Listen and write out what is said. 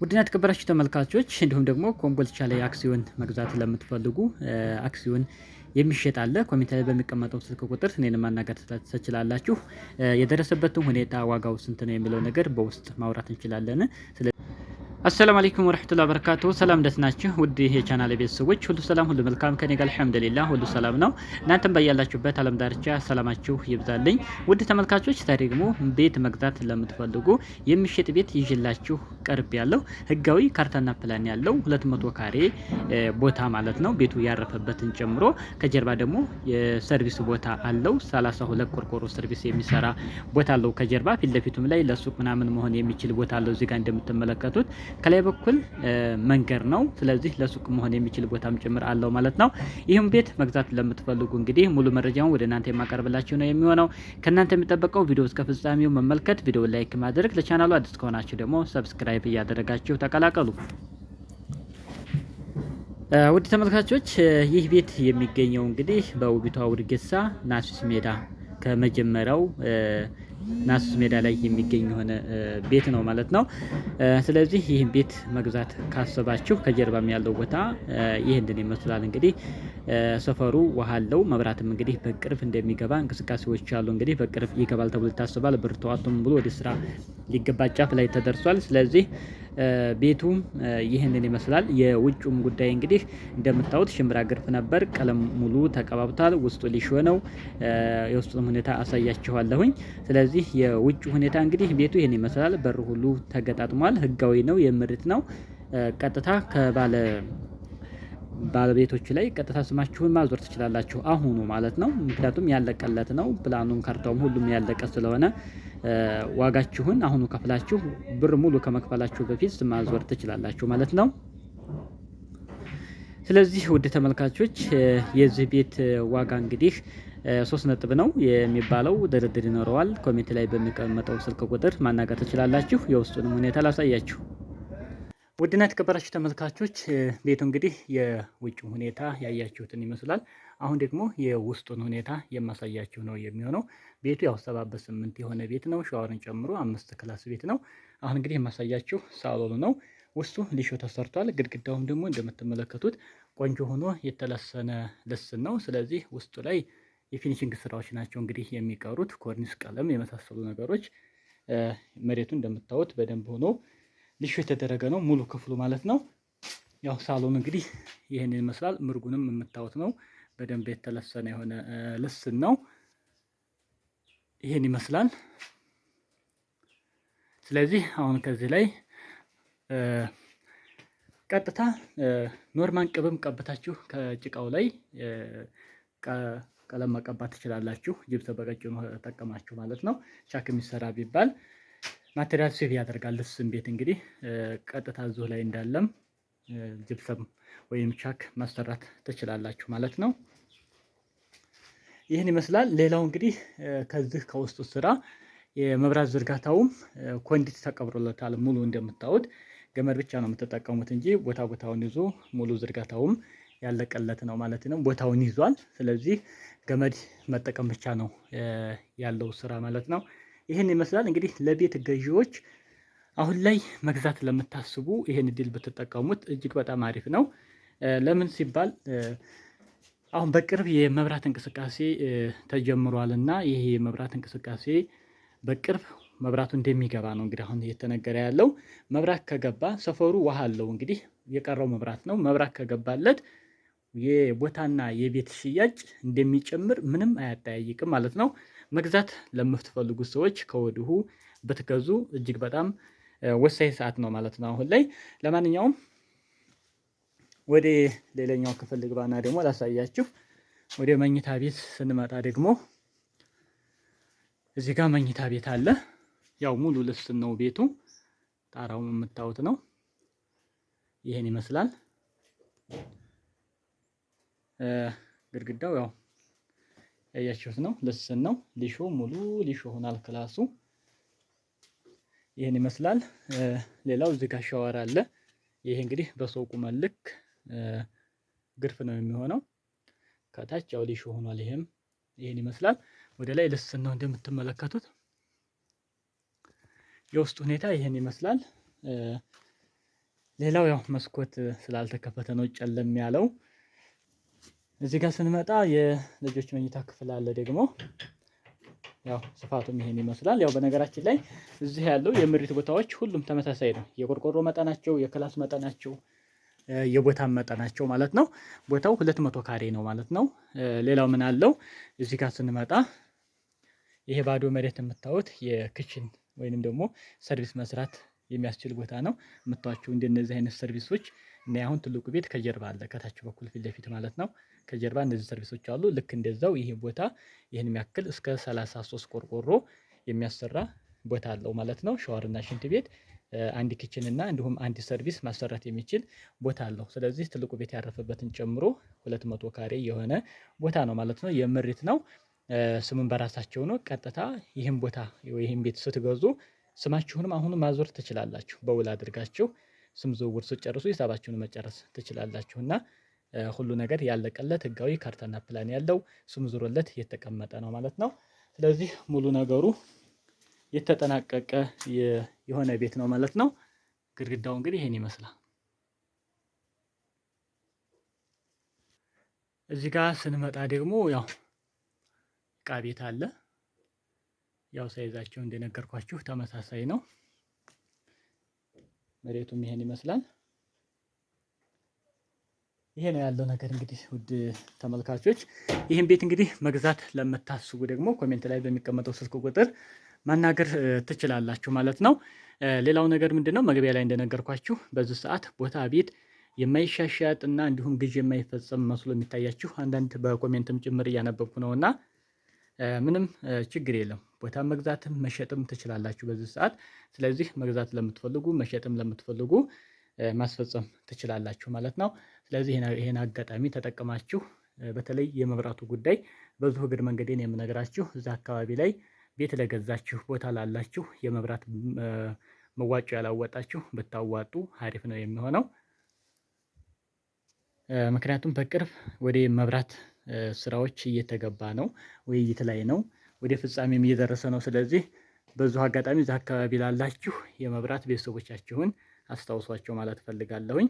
ውድና ተከበራችሁ ተመልካቾች እንዲሁም ደግሞ ኮምቦልቻ ላይ አክሲዮን መግዛት ለምትፈልጉ አክሲዮን የሚሸጥ አለ። ላይ በሚቀመጠው ስልክ ቁጥር እኔን ማናገር ትችላላችሁ። የደረሰበትን ሁኔታ ዋጋው ስንት ነው የሚለው ነገር በውስጥ ማውራት እንችላለን። አሰላሙ አለይኩም ወረህመቱላሂ ወበረካቱ። ሰላም ደስ ናችሁ ውድ የቻናል ቤተሰቦች ሁሉ ሰላም ሁሉ መልካም ከኔ ጋር አልሐምዱሊላህ ሁሉ ሰላም ነው። እናንተም ባያላችሁበት አለም ዳርቻ ሰላማችሁ ይብዛልኝ። ውድ ተመልካቾች ዛሬ ደግሞ ቤት መግዛት ለምትፈልጉ የሚሸጥ ቤት ይዤላችሁ ቀርብ ያለው ህጋዊ ካርታና ፕላን ያለው 200 ካሬ ቦታ ማለት ነው። ቤቱ ያረፈበትን ጨምሮ ከጀርባ ደግሞ የሰርቪስ ቦታ አለው። 32 ቆርቆሮ ሰርቪስ የሚሰራ ቦታ አለው ከጀርባ ፊት ለፊቱም ላይ ለሱቅ ምናምን መሆን የሚችል ቦታ አለው እዚህ እንደምትመለከቱት ከላይ በኩል መንገድ ነው። ስለዚህ ለሱቅ መሆን የሚችል ቦታም ጭምር አለው ማለት ነው። ይህም ቤት መግዛት ለምትፈልጉ እንግዲህ ሙሉ መረጃውን ወደ እናንተ የማቀርብላችሁ ነው የሚሆነው። ከእናንተ የሚጠበቀው ቪዲዮ እስከ ፍጻሜው መመልከት፣ ቪዲዮ ላይክ ማድረግ፣ ለቻናሉ አዲስ ከሆናችሁ ደግሞ ሰብስክራይብ እያደረጋችሁ ተቀላቀሉ። ውድ ተመልካቾች ይህ ቤት የሚገኘው እንግዲህ በውቢቷ ውድጌሳ ናሲስ ሜዳ ከመጀመሪያው ናሱስ ሜዳ ላይ የሚገኝ የሆነ ቤት ነው ማለት ነው። ስለዚህ ይህን ቤት መግዛት ካሰባችሁ ከጀርባም ያለው ቦታ ይህንን ይመስላል። እንግዲህ ሰፈሩ ውሃ አለው፣ መብራትም እንግዲህ በቅርብ እንደሚገባ እንቅስቃሴዎች አሉ። እንግዲህ በቅርብ ይገባል ተብሎ ይታሰባል። ብርተዋቱም ብሎ ወደ ስራ ሊገባ ጫፍ ላይ ተደርሷል። ስለዚህ ቤቱም ይህንን ይመስላል። የውጩም ጉዳይ እንግዲህ እንደምታዩት ሽምብራ ግርፍ ነበር። ቀለም ሙሉ ተቀባብቷል። ውስጡ ሊሾ ነው። የውስጡን ሁኔታ አሳያችኋለሁኝ። ስለዚህ የውጭ ሁኔታ እንግዲህ ቤቱ ይህን ይመስላል። በሩ ሁሉ ተገጣጥሟል። ህጋዊ ነው። የምርት ነው። ቀጥታ ከባለ ባለቤቶች ላይ ቀጥታ ስማችሁን ማዞር ትችላላችሁ፣ አሁኑ ማለት ነው። ምክንያቱም ያለቀለት ነው ፕላኑም ካርታውም ሁሉም ያለቀ ስለሆነ ዋጋችሁን አሁኑ ከፍላችሁ ብር ሙሉ ከመክፈላችሁ በፊት ማዞር ትችላላችሁ ማለት ነው። ስለዚህ ውድ ተመልካቾች የዚህ ቤት ዋጋ እንግዲህ ሶስት ነጥብ ነው የሚባለው። ድርድር ይኖረዋል። ኮሜንት ላይ በሚቀመጠው ስልክ ቁጥር ማናገር ትችላላችሁ። የውስጡንም ሁኔታ ላሳያችሁ። ውድና የተከበራችሁ ተመልካቾች ቤቱ እንግዲህ የውጭ ሁኔታ ያያችሁትን ይመስላል። አሁን ደግሞ የውስጡን ሁኔታ የማሳያችሁ ነው የሚሆነው። ቤቱ ያው ሰባ በስምንት የሆነ ቤት ነው፣ ሸዋርን ጨምሮ አምስት ክላስ ቤት ነው። አሁን እንግዲህ የማሳያችሁ ሳሎኑ ነው። ውስጡ ሊሾ ተሰርቷል። ግድግዳውም ደግሞ እንደምትመለከቱት ቆንጆ ሆኖ የተለሰነ ልስን ነው። ስለዚህ ውስጡ ላይ የፊኒሽንግ ስራዎች ናቸው እንግዲህ የሚቀሩት ኮርኒስ፣ ቀለም የመሳሰሉ ነገሮች። መሬቱ እንደምታዩት በደንብ ሆኖ ልሹ የተደረገ ነው ሙሉ ክፍሉ ማለት ነው። ያው ሳሎን እንግዲህ ይህንን ይመስላል። ምርጉንም የምታዩት ነው። በደንብ የተለሰነ የሆነ ልስን ነው። ይህን ይመስላል። ስለዚህ አሁን ከዚህ ላይ ቀጥታ ኖርማን ቅብም ቀብታችሁ ከጭቃው ላይ ቀለም መቀባት ትችላላችሁ። ጅብሰ በቀጭኑ ተጠቀማችሁ ማለት ነው። ቻክ የሚሰራ ቢባል ማቴሪያል ሴቭ ያደርጋል። እሱም ቤት እንግዲህ ቀጥታ እዚሁ ላይ እንዳለም ጅብሰም ወይም ቻክ ማሰራት ትችላላችሁ ማለት ነው። ይህን ይመስላል። ሌላው እንግዲህ ከዚህ ከውስጡ ስራ የመብራት ዝርጋታውም ኮንዲት ተቀብሮለታል። ሙሉ እንደምታዩት ገመድ ብቻ ነው የምትጠቀሙት እንጂ ቦታ ቦታውን ይዞ ሙሉ ዝርጋታውም ያለቀለት ነው ማለት ነው። ቦታውን ይዟል። ስለዚህ ገመድ መጠቀም ብቻ ነው ያለው ስራ ማለት ነው። ይህን ይመስላል እንግዲህ ለቤት ገዢዎች አሁን ላይ መግዛት ለምታስቡ ይህን እድል ብትጠቀሙት እጅግ በጣም አሪፍ ነው። ለምን ሲባል አሁን በቅርብ የመብራት እንቅስቃሴ ተጀምሯል እና ይህ የመብራት እንቅስቃሴ በቅርብ መብራቱ እንደሚገባ ነው እንግዲህ አሁን እየተነገረ ያለው። መብራት ከገባ ሰፈሩ ውሃ አለው እንግዲህ የቀረው መብራት ነው። መብራት ከገባለት የቦታና የቤት ሽያጭ እንደሚጨምር ምንም አያጠያይቅም ማለት ነው። መግዛት ለምትፈልጉ ሰዎች ከወዲሁ ብትገዙ እጅግ በጣም ወሳኝ ሰዓት ነው ማለት ነው አሁን ላይ። ለማንኛውም ወደ ሌላኛው ክፍል ልግባና ደግሞ ላሳያችሁ። ወደ መኝታ ቤት ስንመጣ ደግሞ እዚህ ጋር መኝታ ቤት አለ። ያው ሙሉ ልብስ ነው ቤቱ። ጣራው የምታዩት ነው። ይህን ይመስላል ግድግዳው ያው ያያችሁት ነው። ልስን ነው ሊሾ ሙሉ ሊሾ ሆናል ክላሱ። ይህን ይመስላል። ሌላው እዚህ ጋር ሻወር አለ። ይሄ እንግዲህ በሰው ቁመት ልክ ግርፍ ነው የሚሆነው። ከታች ያው ሊሾ ሆኗል። ይሄም ይህን ይመስላል። ወደ ላይ ልስን ነው እንደምትመለከቱት። የውስጥ ሁኔታ ይህን ይመስላል። ሌላው ያው መስኮት ስላልተከፈተ ነው ጨለም ያለው። እዚህ ጋር ስንመጣ የልጆች መኝታ ክፍል አለ። ደግሞ ያው ስፋቱም ይሄን ይመስላል። ያው በነገራችን ላይ እዚህ ያለው የምሪት ቦታዎች ሁሉም ተመሳሳይ ነው። የቆርቆሮ መጠናቸው፣ የክላስ መጠናቸው፣ የቦታ መጠናቸው ማለት ነው። ቦታው ሁለት መቶ ካሬ ነው ማለት ነው። ሌላው ምን አለው እዚህ ጋር ስንመጣ ይሄ ባዶ መሬት የምታዩት የክችን ወይንም ደግሞ ሰርቪስ መስራት የሚያስችል ቦታ ነው። የምታዩዋቸው እንደነዚህ አይነት ሰርቪሶች እና አሁን ትልቁ ቤት ከጀርባ አለ፣ ከታች በኩል ፊት ለፊት ማለት ነው። ከጀርባ እነዚህ ሰርቪሶች አሉ። ልክ እንደዛው ይሄ ቦታ ይህን የሚያክል እስከ 33 ቆርቆሮ የሚያሰራ ቦታ አለው ማለት ነው። ሸዋርና ሽንት ቤት አንድ ኪችን እና እንዲሁም አንድ ሰርቪስ ማሰራት የሚችል ቦታ አለው። ስለዚህ ትልቁ ቤት ያረፈበትን ጨምሮ ሁለት መቶ ካሬ የሆነ ቦታ ነው ማለት ነው። የምሪት ነው ስሙን በራሳቸው ነው። ቀጥታ ይህም ቦታ ይህም ቤት ስትገዙ ስማችሁንም አሁኑ ማዞር ትችላላችሁ። በውል አድርጋችሁ ስም ዝውውር ስጨርሱ ሂሳባችሁን መጨረስ ትችላላችሁ እና ሁሉ ነገር ያለቀለት ህጋዊ ካርታና ፕላን ያለው ስም ዙሮለት የተቀመጠ ነው ማለት ነው። ስለዚህ ሙሉ ነገሩ የተጠናቀቀ የሆነ ቤት ነው ማለት ነው። ግድግዳው እንግዲህ ይሄን ይመስላል። እዚህ ጋር ስንመጣ ደግሞ ያው ዕቃ ቤት አለ። ያው ሳይዛቸው እንደነገርኳችሁ ተመሳሳይ ነው። መሬቱም ይሄን ይመስላል። ይሄ ነው ያለው ነገር። እንግዲህ ውድ ተመልካቾች ይህን ቤት እንግዲህ መግዛት ለምታስቡ ደግሞ ኮሜንት ላይ በሚቀመጠው ስልክ ቁጥር ማናገር ትችላላችሁ ማለት ነው። ሌላው ነገር ምንድን ነው መግቢያ ላይ እንደነገርኳችሁ በዚህ ሰዓት ቦታ ቤት የማይሻሻጥ እና እንዲሁም ግዥ የማይፈጸም መስሎ የሚታያችሁ አንዳንድ በኮሜንትም ጭምር እያነበብኩ ነውና ምንም ችግር የለም። ቦታ መግዛትም መሸጥም ትችላላችሁ በዚህ ሰዓት። ስለዚህ መግዛት ለምትፈልጉ መሸጥም ለምትፈልጉ ማስፈጸም ትችላላችሁ ማለት ነው። ስለዚህ ይህን አጋጣሚ ተጠቅማችሁ በተለይ የመብራቱ ጉዳይ በዙ እግር መንገዴን የምነግራችሁ እዚ አካባቢ ላይ ቤት ለገዛችሁ ቦታ ላላችሁ የመብራት መዋጮ ያላወጣችሁ ብታዋጡ አሪፍ ነው የሚሆነው። ምክንያቱም በቅርብ ወደ መብራት ስራዎች እየተገባ ነው፣ ውይይት ላይ ነው። ወደ ፍጻሜም እየደረሰ ነው። ስለዚህ በዙ አጋጣሚ እዛ አካባቢ ላላችሁ የመብራት ቤተሰቦቻችሁን አስታውሷቸው ማለት ፈልጋለሁኝ።